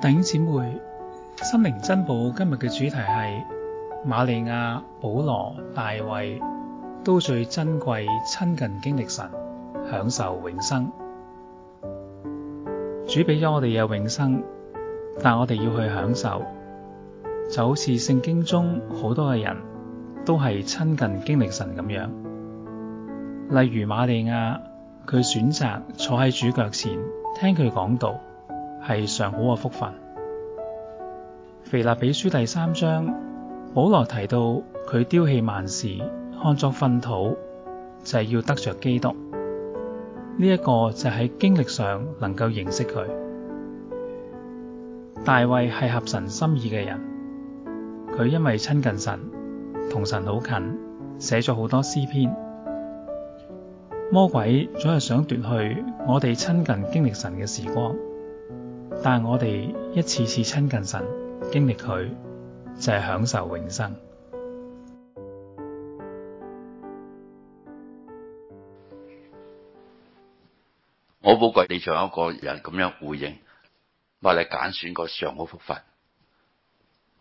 弟兄姊妹，心靈珍寶今日嘅主題係瑪利亞、保羅、大衛都最珍貴親近經歷神，享受永生。主俾咗我哋有永生，但我哋要去享受，就好似聖經中好多嘅人都係親近經歷神咁樣。例如瑪利亞，佢選擇坐喺主腳前聽佢講道。係上好嘅福分。腓立比書第三章，保羅提到佢丟棄萬事，看作糞土，就係、是、要得着基督。呢、這、一個就喺經歷上能夠認識佢。大衛係合神心意嘅人，佢因為親近神，同神好近，寫咗好多詩篇。魔鬼總係想奪去我哋親近經歷神嘅時光。但係我哋一次次親近神，經歷佢就係、是、享受永生。我寶貴，地上有一個人咁樣回應，我你揀選個上好福分。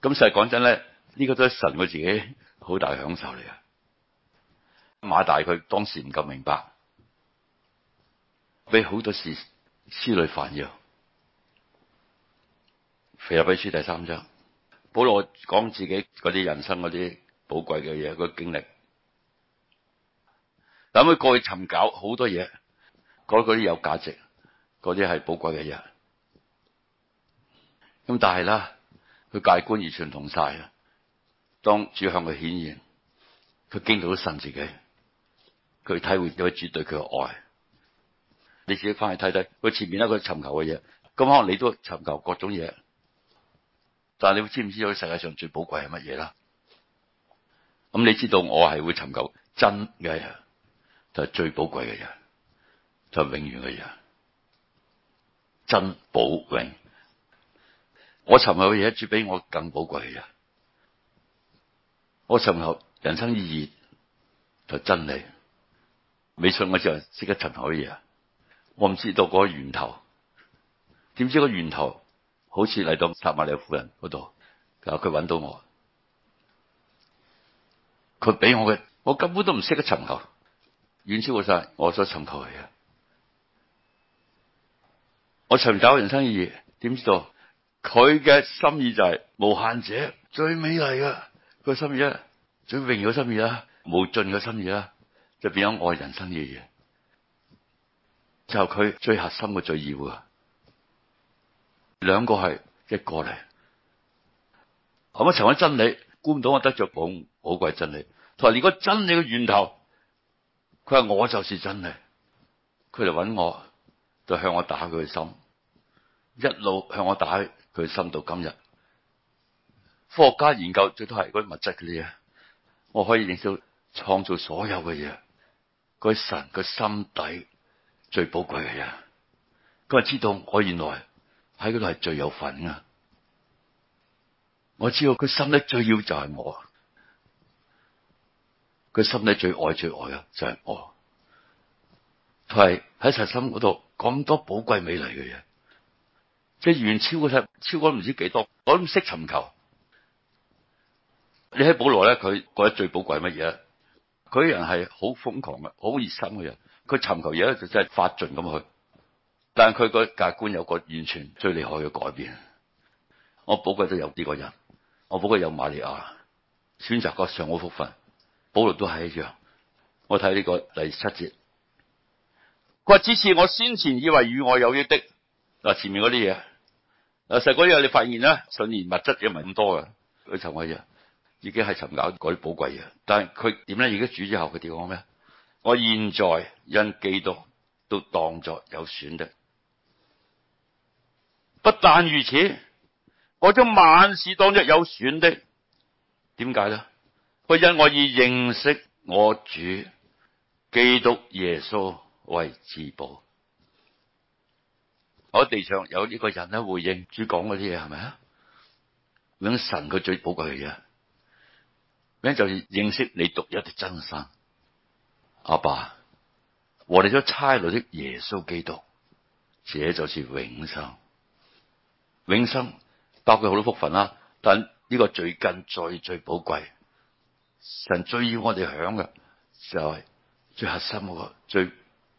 咁實講真咧，呢、這個都係神佢自己好大享受嚟啊！馬大佢當時唔夠明白，俾好多事思慮煩擾。《腓立比書》第三章，保羅講自己嗰啲人生嗰啲寶貴嘅嘢，個經歷，等佢過去尋找好多嘢，覺得嗰啲有價值，嗰啲係寶貴嘅嘢。咁但係啦，佢界觀而全同晒嘅。當主向佢顯現，佢經歷到神自己，佢體會到佢絕對佢嘅愛。你自己翻去睇睇佢前面一個尋求嘅嘢，咁可能你都尋求各種嘢。但係你知唔知道世界上最寶貴係乜嘢啦？咁你知道我係會尋求真嘅嘢，就係、是、最寶貴嘅嘢，就係、是、永遠嘅嘢，真、寶、永。我尋求嘅嘢，住比我更寶貴嘅嘢。我尋求人生意義就是、真理，未信我就識得尋嘅嘢。我唔知道嗰個源頭，點知個源頭？好似嚟到撒瑪利亞婦人嗰度，佢揾到我，佢俾我嘅，我根本都唔識得尋求，遠超過晒我所尋求嘅嘢。我尋找人生意義，點知道佢嘅心意就係、是、無限者最美麗嘅個心意啦，最榮耀嘅心意啦，無盡嘅心意啦，就變咗愛人生意義。就係佢最核心嘅最要啊！兩個係一個嚟，咁啊尋緊真理，估唔到我得着寶貴真理。同埋如果真理嘅源頭，佢話我就是真理，佢嚟搵我，就向我打佢嘅心，一路向我打佢心到今日。科學家研究最多係嗰啲物質嘅嘢，我可以認識到創造所有嘅嘢，嗰神個心底最寶貴嘅嘢，佢知道我原來。喺嗰度係最有份噶，我知道佢心咧最要的就係我，佢心咧最愛最愛噶就係我，佢係喺實心嗰度咁多寶貴美麗嘅嘢，即係遠超嗰啲，超過唔知幾多少。我都唔識尋求，你喺保羅咧，佢覺得最寶貴乜嘢？佢個人係好瘋狂嘅，好熱心嘅人，佢尋求嘢咧就真係發盡咁去。但佢個價值觀有個完全最厲害嘅改變，我寶貴都有呢個人，我寶貴有瑪利亞，選擇個上好福分，保羅都係一樣。我睇呢個第七節，佢話只是我先前以為於我有益的嗱，前面嗰啲嘢嗱，實嗰你發現啦，信然物質又唔係咁多噶，佢尋嗰嘢已經係尋找嗰啲寶貴，但係佢點咧？而家主之後佢哋講咩？我現在因基督都當作有損的。」不但如此，我將萬事當作有損的，點解咧？佢因我以認識我主基督耶穌為至寶。我地上有呢個人咧回應主講嗰啲嘢，係咪啊？咁神佢最寶貴嘅嘢咩？就是、認識你獨一嘅真神阿爸，爸，我哋都差來的耶穌基督，這就是永生。永生包括好多福分啦，但呢個最近最最寶貴，神最要我哋享嘅就係、是、最核心嗰個最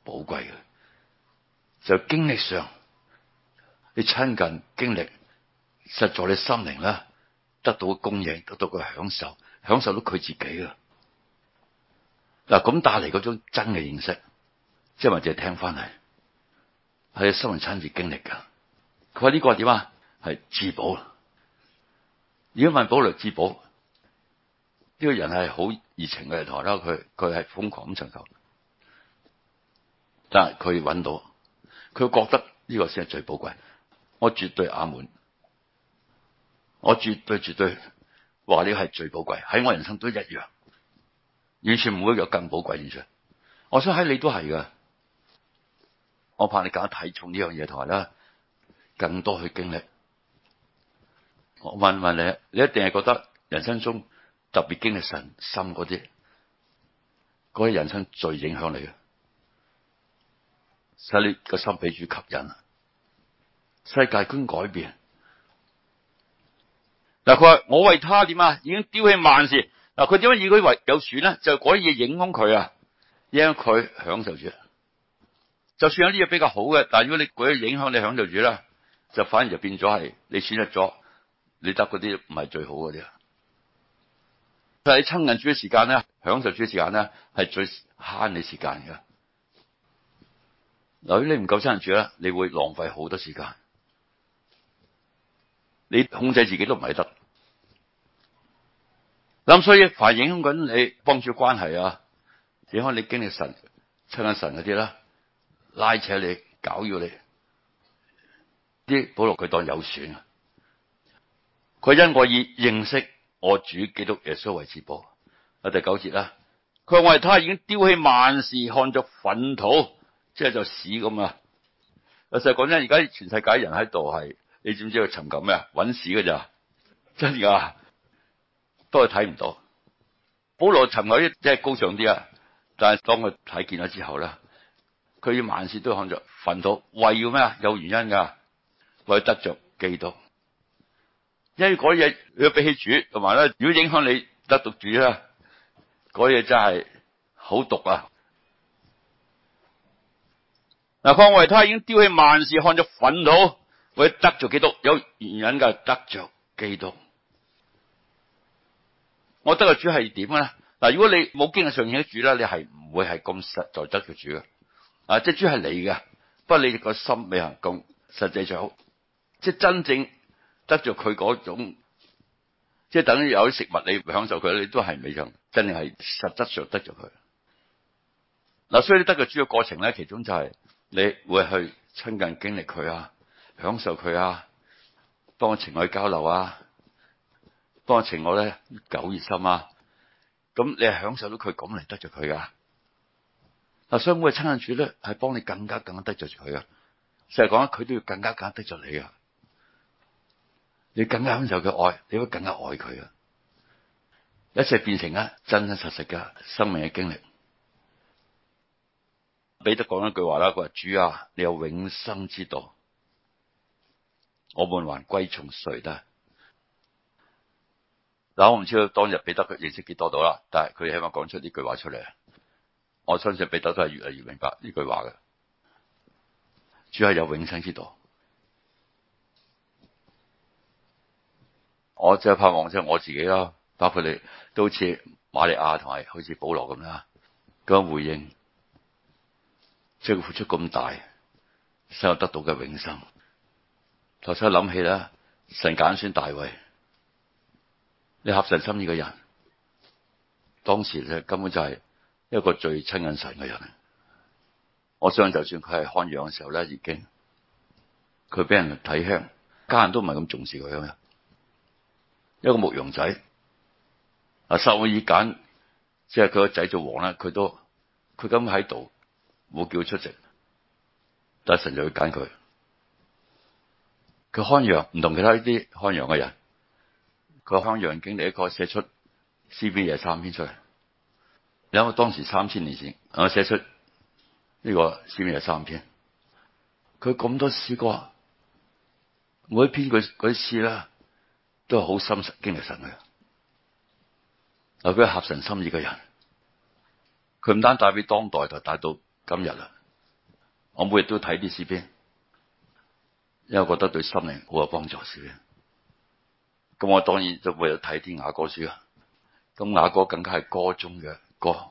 寶貴嘅，就係經歷上你親近經歷，實在你心靈啦，得到嘅供應，得到嘅享受，享受到佢自己嘅嗱，咁帶嚟嗰種真嘅認識，即係或者係聽翻嚟，係心靈親自經歷噶。佢話呢個係點啊？係自保。如果問保羅自保，呢、這個人係好熱情嘅台啦，佢佢係瘋狂咁尋求，但係佢揾到，佢覺得呢個先係最寶貴。我絕對阿門，我絕對絕對話你係最寶貴，喺我人生都一樣，完全唔會有更寶貴嘅嘢。我想喺你都係噶，我怕你更加睇重呢樣嘢台啦，更多去經歷。我問問你，你一定係覺得人生中特別經歷神心嗰啲，嗰啲人生最影響你嘅，使你個心俾主吸引啊！世界觀改變嗱，佢、嗯、話我為他點啊？已經丟棄萬事嗱，佢點解以佢為有選咧？就嗰啲嘢影響佢啊，讓佢享受住。就算有啲嘢比較好嘅，但係如果你舉影響你享受住呢，就反而就變咗係你選擇咗。你得嗰啲唔係最好嗰啲啊！但係你親近主嘅時間咧，享受主嘅時間咧，係最慳你時間嘅。如果你唔夠親近主咧，你會浪費好多時間。你控制自己都唔係得。咁所以凡響，凡影響緊你幫助關係啊，影響你經歷神親近神嗰啲啦，拉扯你、搞要你，啲保羅佢當有損啊。佢因我以認識我主基督耶穌為至寶。啊，第九節啦。佢為他已經丟棄萬事，看作糞土，即係就屎咁啊！啊，實際講真，而家全世界人喺度係，你知唔知佢尋求咩啊？搵屎噶咋？真噶，都係睇唔到。保羅尋求啲即係高尚啲啊！但係當佢睇見咗之後咧，佢要萬事都看作糞土，為要咩啊？有原因噶，為他得着基督。因為嗰嘢，要俾佢主，同埋咧，如果影響你得着主咧，嗰嘢真係好毒啊！嗱，方偉他已經丟棄萬事，看了怒，看咗糞土，為要得着基督，有原因噶，得着基督。我得個主係點咧？嗱，如果你冇經歷上嘅主咧，你係唔會係咁實在得着主嘅。啊，即係主係你噶，不過你個心未行公，實際上好，即係真正。得着佢嗰種，即係等於有啲食物你享受佢，你都係未曾，真係係實質上得着佢。嗱，所以你得嘅主要過程咧，其中就係你會去親近經歷佢啊，享受佢啊，幫情愛交流啊，幫情愛咧久熱心啊，咁你係享受到佢咁嚟，得着佢噶。嗱，相所嘅親近主咧係幫你更加更加得着住佢啊，成日講佢都要更加更加得着你啊。你更加享受佢愛，你會更加愛佢啊！一切變成啊真真實實嘅生命嘅經歷。彼得講一句話啦，佢話：主啊，你有永生之道，我們還歸從誰呢？嗱，我唔知道當日彼得佢認識幾多到啦，但係佢起碼講出呢句話出嚟。我相信彼得都係越嚟越明白呢句話嘅。主係、啊、有永生之道。我就是盼望即係我自己啦，包括你，都好似瑪利亞同埋，好似保羅咁啦，咁樣回應，即係付出咁大，先有得到嘅永生。頭先諗起啦，神揀選大衛，你合神心意嘅人，當時咧根本就係一個最親近神嘅人。我相信，就算佢係看羊嘅時候咧，已經佢俾人睇輕，家人都唔係咁重視佢嘅。一個牧羊仔，阿撒威爾揀，即係佢個仔做王咧，佢都佢咁喺度，冇叫佢出席，但係神就去揀佢，佢看羊唔同其他啲看羊嘅人，佢看羊經歷一個寫出詩篇廿三篇出嚟，因為當時三千年前，我寫出呢個詩篇廿三篇，佢咁多詩歌，每一篇佢嗰次啦。都係好心神經歷神嘅。嗱，俾合神心意嘅人，佢唔單帶俾當代，就帶到今日啦。我每日都睇啲詩篇，因為我覺得對心靈好有幫助。詩篇咁，我當然就會睇啲雅歌書啦。咁雅歌更加係歌中嘅歌，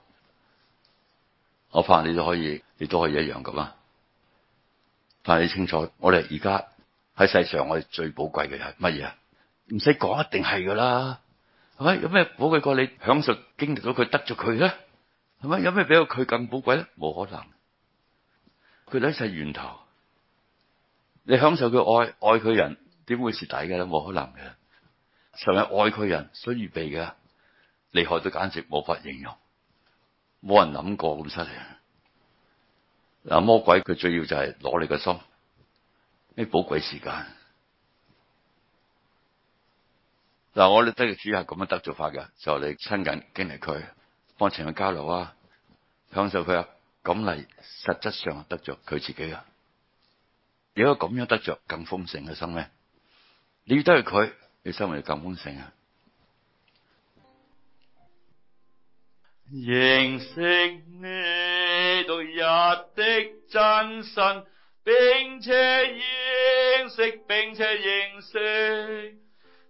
我怕你都可以，你都可以一樣咁啊。但係你清楚，我哋而家喺世上我，我哋最寶貴嘅係乜嘢？唔使講，一定係噶啦，係咪？有咩寶貴過你享受經歷到佢得著佢咧？係咪？有咩比佢更寶貴咧？冇可能，佢哋一世源頭。你享受佢愛愛佢人，點會蝕底嘅咧？冇可能嘅。常日愛佢人，所預備嘅厲害到簡直冇法形容，冇人諗過咁犀利。嗱，魔鬼佢最要就係攞你個心，咩寶貴時間。但、嗯、我哋得嘅主係咁樣得着法嘅，就你親近經歷佢，放情去交流啊，享受佢啊，咁嚟，實質上得着佢自己啊。如果咁樣得着，咁豐盛嘅生命。你要得着佢，你為豐的心咪咁豐盛啊！認識你獨一的真神，並且認識，並且認識。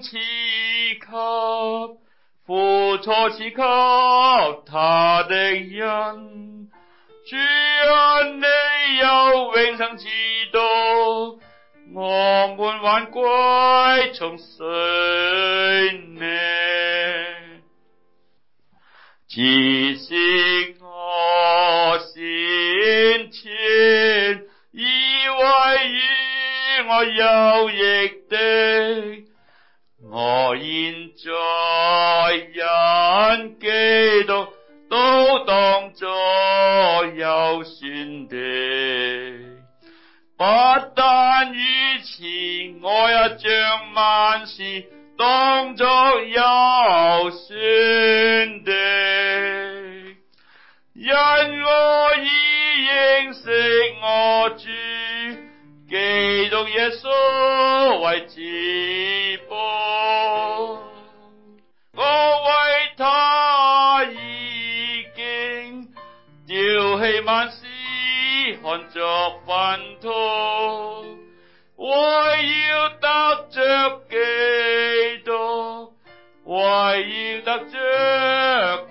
賜給，父所賜給他的人。主啊，你有永生之道，我們還歸從誰呢？只是我先前以為與我有益的。我現在因基督，都當作有損的。不但如此，我也將萬事當作有損的。因我以認識我主，基督耶穌為至。但是看着糞土，我要得着基督，我要得着。